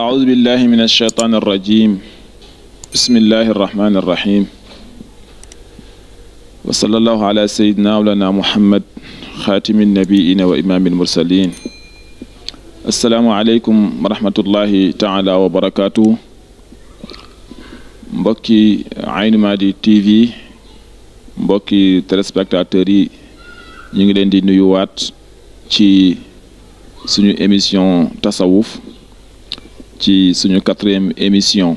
أعوذ بالله من الشيطان الرجيم بسم الله الرحمن الرحيم وصلى الله على سيدنا ولنا محمد خاتم النبيين وإمام المرسلين السلام عليكم ورحمة الله تعالى وبركاته مبكي عين مادي TV في مبكي تلسبكتاتري ينجلين دي نيوات تي سنو اميسيون تصوف ci suñu quatrième émission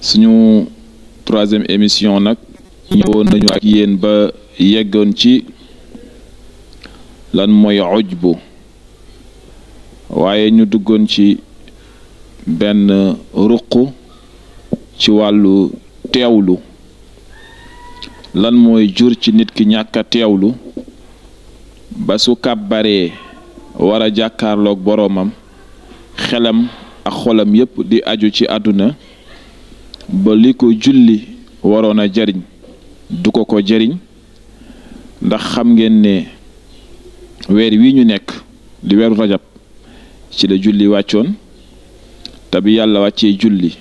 suñu troisième émission nag ñëwoon nañu ak yéen ba yeggoon ci lan mooy ujbu waaye ñu duggoon ci benn ruq ci wàllu teewlu lan mooy jur ci nit ki ñàkk teewlu ba su kàbbaree war a jàkkaarloog boroomam xelam ak xolam yépp di aju ci àdduna ba li ko julli waroon a jariñ du ko ko jariñ ndax xam ngeen ne weer wi ñu nekk di weeru rajab ci la julli wàccoon te bi yàlla wàccee julli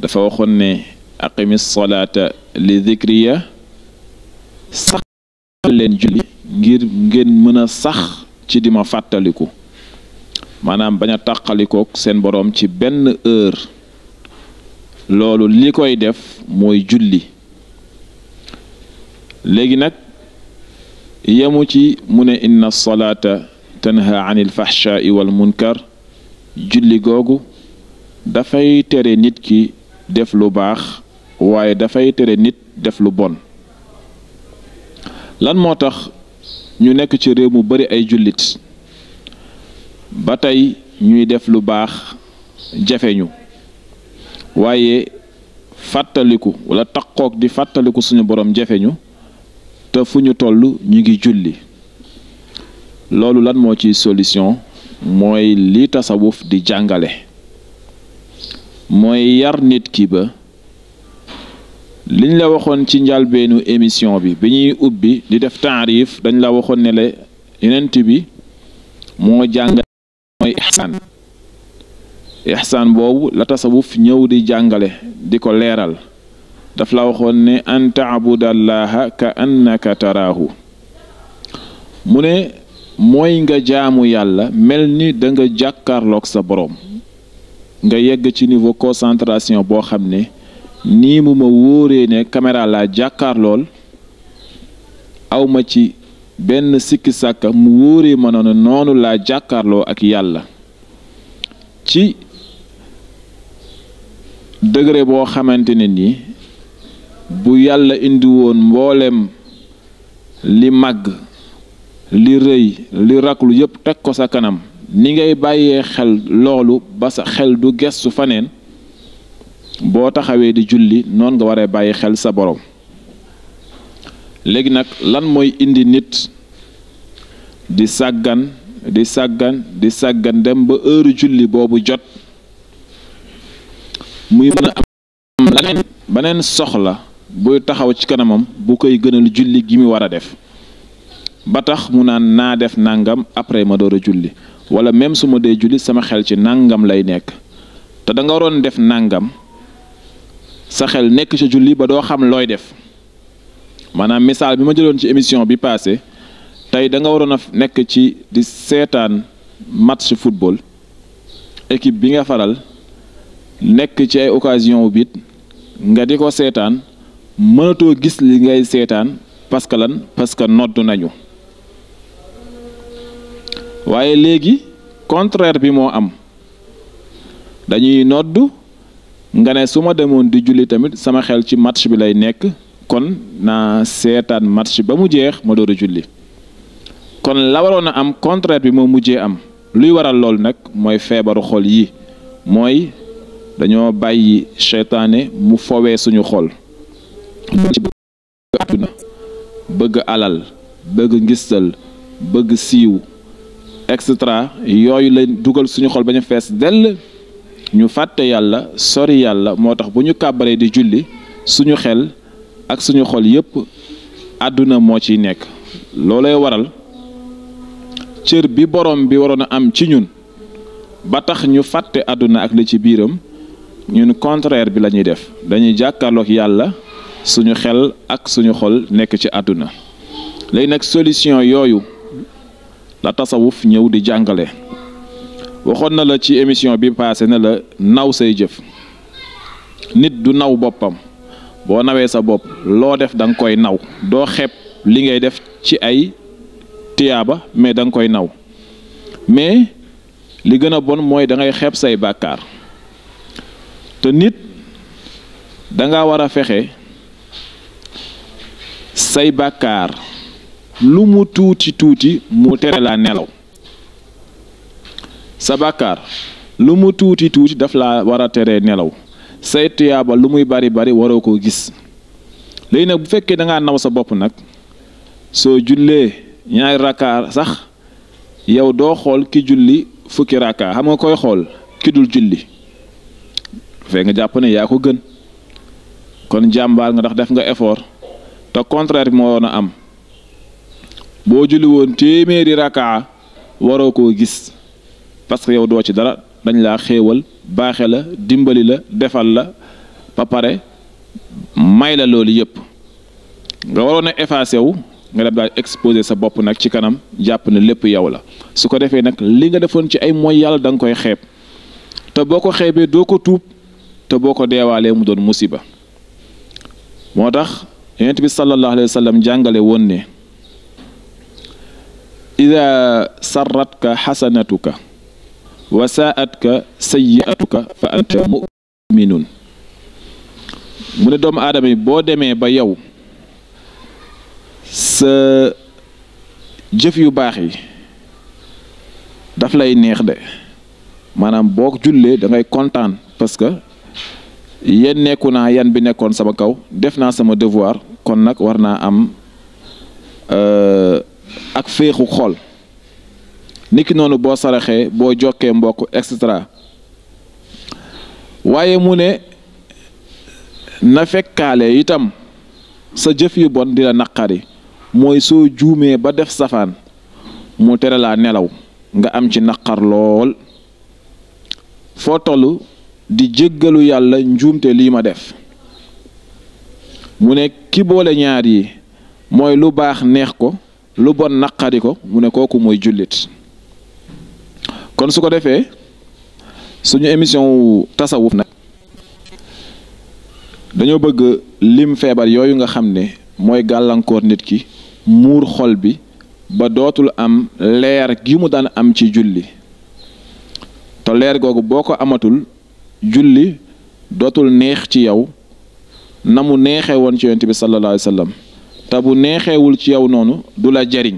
dafa waxoon ne aqimi salaata li dhikriya sax leen julli ngir ngeen mën a sax ci dima fàttaliku maanaam bañ a tàqalikook seen boroom ci benn heure loolu li koy def mooy julli léegi nag yemu ci mu ne inna salaata tanha anil fahshaai wal munkar julli googu dafay tere nit ki def lu baax waaye dafay tere nit def lu bon lan moo tax ñu nekk ci réew mu bari ay jullit ba tey ñuy def lu baax ñu wayé fataliku wala di fataliku suñu borom ñu te fuñu tollu ngi julli lolu lan mo ci solution li tasawuf di jangalé moy yar nit ki ba liñ la waxon ci benu émission bi Nous ubbi di def ta'rif dañ la waxon ne nous bi ihsaan boobu la tasawuf ñëw di jàngale di ko leeral daf la waxoon ne an taabudallaha ka annaka taraahu mu ne mooy nga jaamu yàlla mel ni da nga sa boroom nga yegg ci niveau concentration boo xam ne nii mu ma wóoree ne caméra laa jàkkaarlool awma ci benn sikki sàkk mu wóoree ma noonu laa jàkkarloo ak yàlla ci degré boo xamante ne ni bu yàlla indi woon mboolem li màgg li rëy li raklu yépp teg ko sa kanam ni ngay bàyyee xel loolu ba sa xel du gestu faneen boo taxawee di julli noonu nga waree bàyyi xel sa boroom léegi nag lan mooy indi nit di sàggan di saggan di saggan dem ba heure julli boobu jot muy mën a am leneen beneen soxla buy taxaw ci kanamam bu koy gënal julli gi mu war a def ba tax mu naan naa def nàngam après ma door a julli wala même su ma dee julli sama xel ci nàngam lay nekk te danga waroon def nàngam sa xel nekk ci julli ba doo xam looy def maanaam misaal bi ma jëloon ci émission bi passé tey da nga waroon a nekk ci di seetaan match football équipe bi nga faral nekk ci ay occasion wu bit nga di ko seetaan mënatoo gis li ngay seetaan parce que lan parce que nodd nañu waaye léegi contraire bi moo am dañuy nodd nga ne su ma demoon di julli tamit sama xel ci match bi lay nekk kon naa seetaan match ba mu jeex ma door a julli kon la waroon a am contraire bi moo mujjee am luy waral loolu nag mooy feebaru xol yi mooy dañoo bàyyi seytaane mu fowee suñu xol bëgg alal bëgg ngistal bëgg siiw et yooyu la dugal suñu xol bañu fees dell ñu fàtte yàlla sori yàlla moo tax bu ñu kàbbaree di julli suñu xel ak suñu xol yépp àdduna moo ciy nekk loolay waral cër bi borom bi waroon a am ci ñun ba tax ñu fàtte àdduna ak li ci biiram ñun contraire bi la ñuy def dañuy jàkkaarloog yàlla suñu xel ak suñu xol nekk ci àdduna léegi nag solution yooyu la tasawuf ñëw di jàngale waxoon na la ci émission bi passé na la naw say jëf nit du naw boppam boo nawee sa bopp loo def da nga koy naw doo xeeb li ngay def ci ay tiyaaba mais danga koy naw mais li gën a bon mooy dangay ngay say bàkkaar te nit danga war a fexe say bàkkaar lu mu tuuti tuuti mu tere laa nelaw sa bàkkaar lu mu tuuti tuuti daf la war a teree nelaw say tuyaaba lu muy bari bari waroo koo gis léegi nag bu fekkee dangaa naw sa bopp nag soo jullee ñaari rakka sax yow doo xool ki julli fukki rakka xam nga koy xool ki dul julli fee nga jàpp ne yaa ko gën kon jàmbaar nga ndax def nga effort te contraire bi moo woon a am boo julli woon téeméeri rakka waroo koo gis parce que yow doo ci dara dañ laa xéewal baaxe la dimbali la defal la ba pare may la loolu yépp nga waroon a effacé wu nga dem daal exposé sa bopp nag ci kanam jàpp ne lépp yow la su ko defee nag li nga defoon ci ay mooy yàlla danga koy xeeb te boo ko xeebee doo ko tuub te boo ko deewaalee mu doon musiba moo tax yonent bi sallallahu alayhi wa sallam jàngale woon ne ida sarratka xasanatuka wa saatka sayyiatuka fa anta muminun mu ne doomu aadama yi boo demee ba yow sa jëf yu baax yi daf lay neex de maanaam boo jullee da kontaan parce que yéen nekku naa yan bi nekkoon sama kaw def naa sama devoir kon nag war naa am euh, ak féexu xool niki noonu boo saraxee boo jokkee mbokk et cetera waaye mu ne na fekkaale itam sa jëf yu bon di la naqari mooy soo juumee ba def safaan mu tere laa nelaw nga am ci naqar lool foo tollu di jéggalu yàlla njuumte lii ma def mu ne ki boole ñaar yi mooy lu baax neex ko lu bon naqari ko mu ne kooku mooy jullit kon su ko defee suñu émission wu tasawuf nag dañoo bëgg lim feebar yooyu nga xam ne mooy gàllankoor nit ki muur xol bi ba dootul am leer gi mu daan am ci julli te leer googu boo ko amatul julli dootul neex ci yow na mu neexee woon ci yonent bi sallallahu alayhi te bu neexeewul ci yow noonu du la jariñ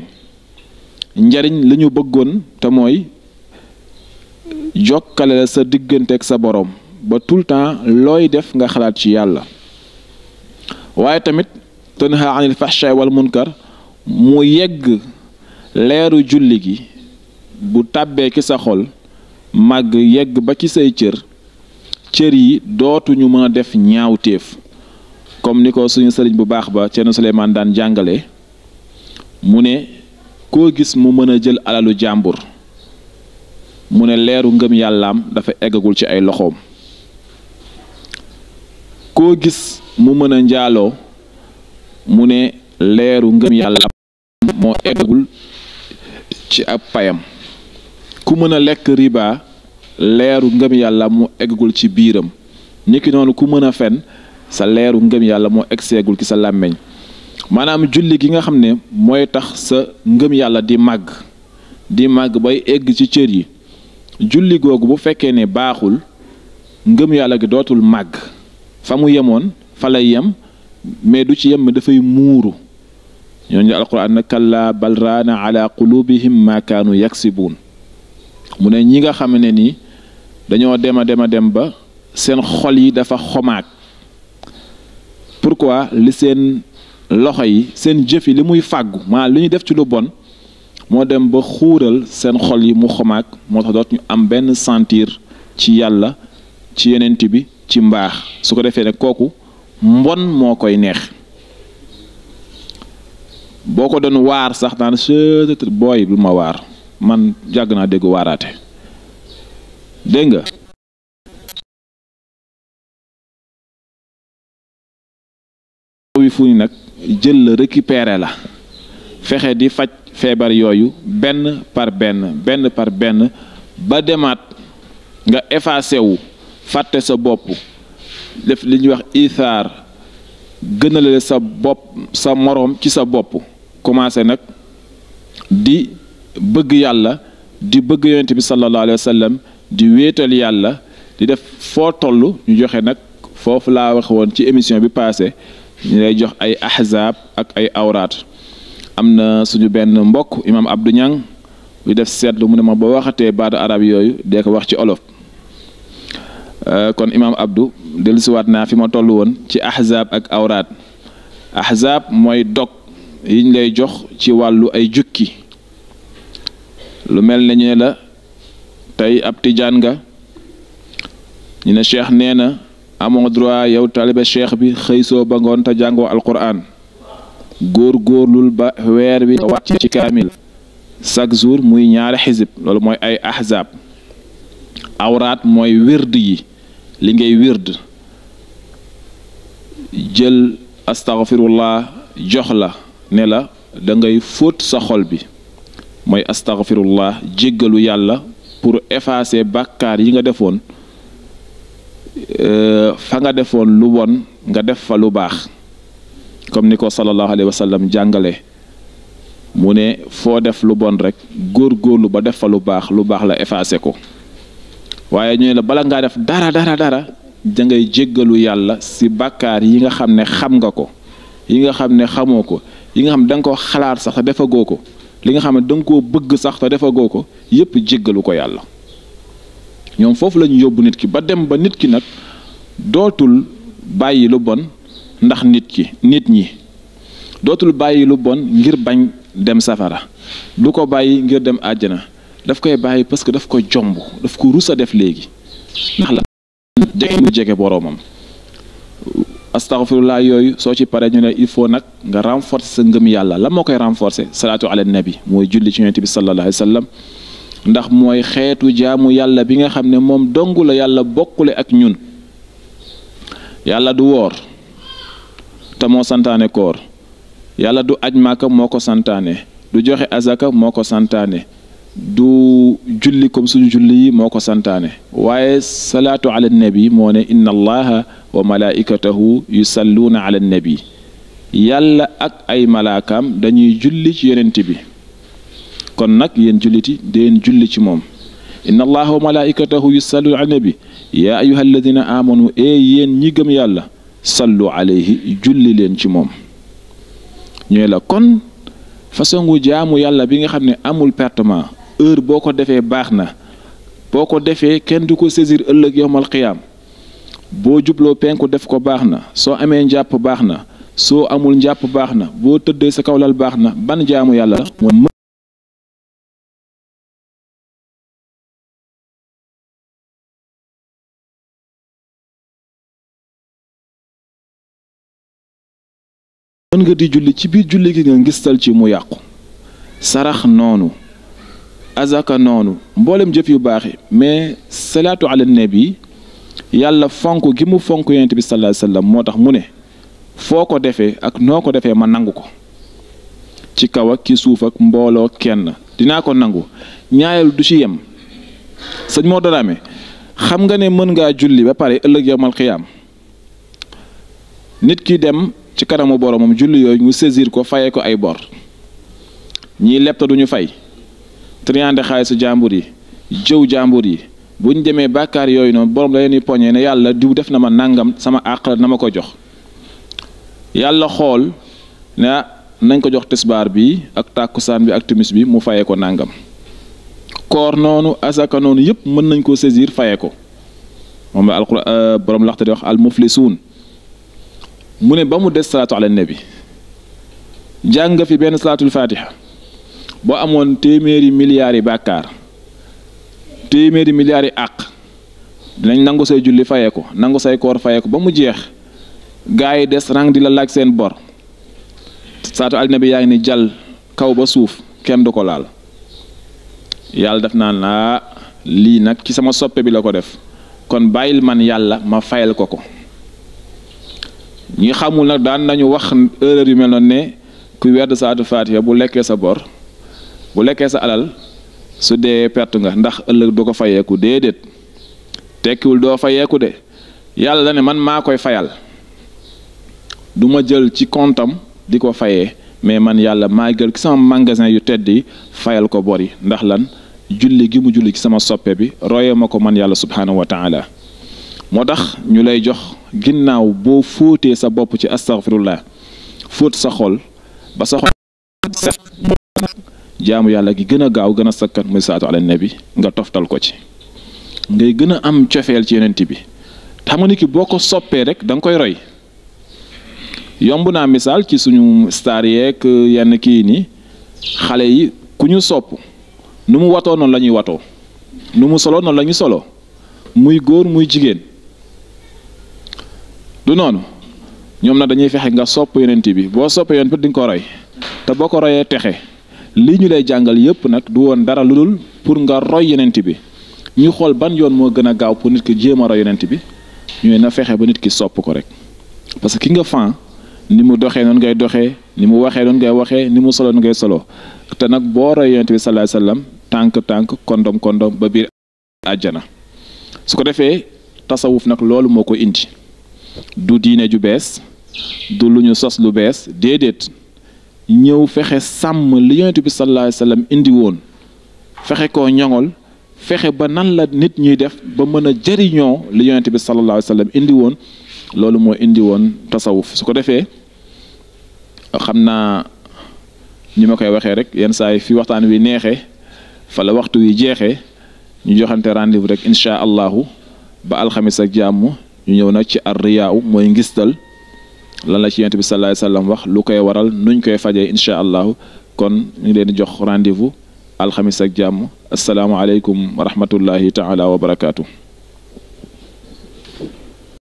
njariñ li ñu bëggoon te mooy jokkale la sa diggante ak sa boroom ba tout le temps looy def nga xalaat ci yàlla waaye tamit tanha anil fahsha wal munkar mu yegg leeru julli gi bu tàbbee ci sa xol màgg yegg ba ci say cër cër yi dootuñu mën a def ñaawteef comme ni ko suñu sëriñ bu baax ba Thierno Souleymane daan jàngale mu ne koo gis mu mën a jël alalu jàmbur mu ne leeru ngëm yàllaam dafa eggagul ci ay loxoom koo gis mu mën a njaaloo mu ne leeru ngëm yàllaam moo eggul ci ab payam ku mën a lekk riba leeru ngëm yàlla mu eggul ci biiram niki noonu ku mën a fen sa leeru ngëm yàlla moo egseegul seegul ci sa làmmiñ maanaam julli gi nga xam ne mooy tax sa ngëm yàlla di màgg di màgg bay egg ci cër yi julli googu bu fekkee ne baaxul ngëm yàlla gi dootul màgg fa mu yemoon fa lay yem mais du ci yem dafay muuru ñooñu alquran nak la bal rana ala qulubihim ma kanu yaksibun mu ne ñi nga xam ni dañoo dema dema dem ba seen xol yi dafa xomaag pourquoi li seen loxo yi seen jëf yi li muy fàggu ma li ñuy def ci lu bon moo dem ba xuural seen xol yi mu xomaag moo tax dootuñu am benn sentir ci yàlla ci yenent bi ci mbaax su ko defee ne kooku mbon moo koy neex boo ko doon waar sax naan seet booy bu ma waar man jàgg naa dégg waaraate dégg nga nag jël la récupérer la fexe di faj feebar yooyu benn par benn benn par benn ba demaat nga effacé wu fàtte sa bopp def li wax isaar gënale sa bopp sa moroom ci sa bopp commencé nak di bëgg yàlla di bëgg yoonte bi sallallahu alayhi wasallam di wétal yàlla di def fo tollu ñu joxe nak fofu la wax won ci émission bi passé ñu lay jox ay ahzab ak ay awrat amna suñu ben mbokk imam Abdou ñang bu def sétlu mu ne ma ba waxate baad arab yoyu dék wax ci olof kon imam Abdou wat na fi ma tollu won ci ahzab ak awrat ahzab moy dok yiñ lay jox ci wàllu ay jukki lu mel ne ñu la tey ab tijaan nga ñu ne cheikh nee na amoo droit yow talibe cheikh bi xëy soo ba ngoon te jàngoo alquran góor góorlul ba weer bi wàcc ci kaamil chaque jour muy ñaari xisib loolu mooy ay ahzab awraat mooy wird yi li ngay wird jël astaghfirullah jox la ne la da ngay fóot sa xol bi mooy astaghfirullah jéggalu yàlla pour effacer bàkkaar yi nga defoon euh, fa nga defoon lu bon nga def fa lu baax comme ni ko sallallahu alayhi wa jàngale mu ne foo def lu bon rek góor-góorlu ba def fa lu baax lu baax la effacé ko waaye ñu ne la bala ngaa def dara dara dara da ngay jéggalu yàlla si bàkkaar yi nga xam ne xam nga ko yi nga xam ne xamoo ko yi nga xam ne da nga koo xalaat sax te defagoo ko li nga xam ne da bëgg sax te defagoo ko yépp jéggalu ko yàlla ñoom foofu lañuy yóbbu nit ki ba dem ba nit ki nag dootul bàyyi lu bon ndax nit ki nit ñi dootul bàyyi lu bon ngir bañ dem safara du ko bàyyi ngir dem àjjana daf koy bàyyi parce que daf ko jomb daf ko rus a def léegi ndax la jege mu jege boroomam astaghfirullah yooyu soo ci paree ñu ne il faut nag nga renforcer sa ngëm yàlla la moo koy renforcer salaatu ala nabi mooy julli ci yonent bi sallallahu alayhi wa sallam ndax mooy xeetu jaamu yàlla bi nga xam ne moom dong la yàlla bokkule ak ñun yàlla du woor te moo santaane koor yàlla du aj maaka moo ko santaane du joxe azaka moo ko santaane du julli comme suñu julli yi moo ko santaane waaye salaatu ala nabi moo ne inna allaha wa malaikatahu yusalluuna ala nabi yàlla ak ay malaakaam dañuy julli ci yonent bi kon nag yéen julliti deen julli ci moom inna allaha wa malaikatahu yusalluuna ala nabi yaa ayuha amanu ee yéen ñi gëm yàlla sallu alayhi julli leen ci moom ñooy la kon façon jaamu yàlla bi nga xam ne amul pertement heure boo ko defee baax na boo ko defee kenn du ko saisir ëllëg yowmal qiyaam boo jubloo penku def ko baax na soo amee njàpp baax na soo amul njàpp baax na boo tëddee sa kawlal baax na ban jaamu yàlla la mën nga di julli ci biir julli gi nga ngistal ci mu yàqu sarax noonu azaka noonu mboolem jëf yu baax mais salaatu ala nabi yàlla fonk gi mu fonk yonent bi sallallahu alayhi wasallam moo tax mu ne foo ko defee ak noo ko defee ma nangu ko ci kaw ak ci suuf ak mbooloo kenn dinaa ko nangu ñaareel du ci yem sëñ moo daraame xam nga ne mën ngaa julli ba pare ëllëg yowmal xiyaam nit ki dem ci kanamu boromam julli yooyu ñu saisir ko fayee ko ay bor ñii lebta duñu fay triande xaalisu jamburi yi jëw jàmbur yi bu ñu demee bàkkaar borom la leen poñee ne yàlla diw def na ma nangam sama àq na ma ko jox yàlla xol ne nañ ko jox tisbar bi ak takusan bi ak timis bi mu fayé ko nangam koor nonu asaka nonu yëpp mën nañ ko saisir fayé ko mom la borom la xati wax al muflisun mune ba mu dess salatu ala nabi jàng fi ben salatu al fatiha bo amoon téeméeri milliards bakar bàkkaar téeméeri milliards yi àq dinañ nangu say julli fayee ko nangu say koor fayee ko jeex des rang di la laaj seen bor saatu al bi yaa ngi ni jàll kaw ba suuf kenn du laal yàlla def naa naa lii nag ci sama bi la def kon bàyyil man yalla, ma fayal ko ko ñi xamul nag daan nañu wax erreur yu mel ne ku werd saatu faatiha bu lekkee sa bor bu lekkee sa alal su dee perte nga ndax ëllëg du ko fayeeku déedéet tekkiwul doo fayeeku de yàlla da ne man maa koy fayal duma jël ci kontam di ko fayee mais man yàlla maa jël ci sama magasin yu tedd yi fayal ko bor ndax lan julli gi mu julli ci sama soppe bi roye ma ko man yàlla subhaanahu wa taala moo tax ñu lay jox ginnaaw boo fóotee sa bopp ci astaghfirullah fóot sa xol ba sa xol jaamu yàlla gi gën a gaaw gën a sakkan muy salaatu ala bi nga toftal ko ci ngay gën a am cofeel ci yonent bi xam nga ni ki boo ko soppee rek da nga koy roy yomb naa misaal ci suñu star yeeg yenn kii nii xale yi ku ñu sopp nu mu watoo noonu la ñuy watoo nu mu solo noonu la ñuy solo muy góor muy jigéen du noonu ñoom nag dañuy fexe nga sopp yonent bi boo soppee yonent bi di ko roy te boo ko royee texe li ñu lay jàngal yépp nag du woon dara lu dul pour nga roy yonent bi ñu xool ban yoon moo gën a gaaw pour nit ki jéem a roy yonent bi ñooy na fexe ba nit ki sopp ko rek parce que ki nga fan ni mu doxee noonu ngay doxee ni mu waxee noonu ngay waxee ni mu solo noonu ngay solo te nag boo roy yonent bi sallallahu alayhi tànk tànk kondom kondom ba biir àjjana su ko defee tasawuf nag loolu moo ko indi du diine ju bees du lu ñu sos lu bees déedéet ñëw fexe sàmm li yonent bi sallallahu alayhi wa indi woon fexe ko ñoŋol fexe ba nan la nit ñuy def ba mën a jëriñoo li yonent bi sallallahu alayhi wa indi woon loolu mooy indi woon tasawuf su ko defee xam naa ñi ma koy waxee rek yenn saa yi fi waxtaan wi neexee fala waxtu wi jeexee ñu joxante rendez-vous rek incha allahu ba alxamis ak jàmm ñu ñëw na ci ar mooy ngistal lan la ci yentibi sallallahu alayhi wasallam wax lu koy waral nuñ koy faje insha allah kon ñu leen jox rendez-vous al khamis ak jàmm assalamu alaykum wa rahmatullahi taala wa barakatuh